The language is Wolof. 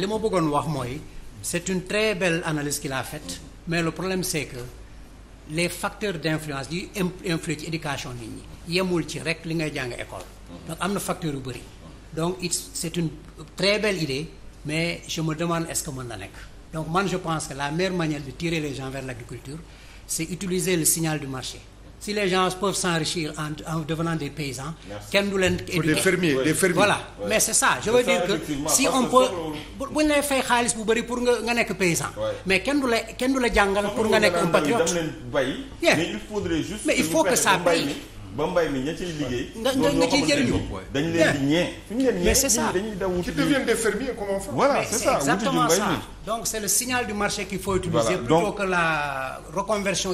li ma bëggoon wax mooy c'est une très belle analyse qu'il a faite mais le problème c'est que les facteurs d'influence yi influer ci éducation nit ñi yemul ci rek li ngay jàng école donc am na facteur yu bëri donc it c'est une très belle idée mais je me demande est-ce que mën na nekk donc man je pense que la meilleure manière de tirer les gens vers l'agriculture c'est utiliser le signal du marché si les gens peuvent s'enrichir en, en devenant des paysans. kenn du leen éduquer des des fermiers. voilà mais c'est ça je veux dire que si on peut bu ñu lay fay xaalis bu bëri pour nga nga nekk paysan. mais kenn du la kenn du la jàngal pour nga nekk un patriote. mais il faudrait faut que ça paye. ba mbay mi ña ciy liggéey. nga nga ciy jëriñu dañu leen di ñee. fi ñu qui deviennent des fermiers comment faire. voilà c'est ça donc c'est le signal du marché qu'il faut utiliser. plutôt que la reconversion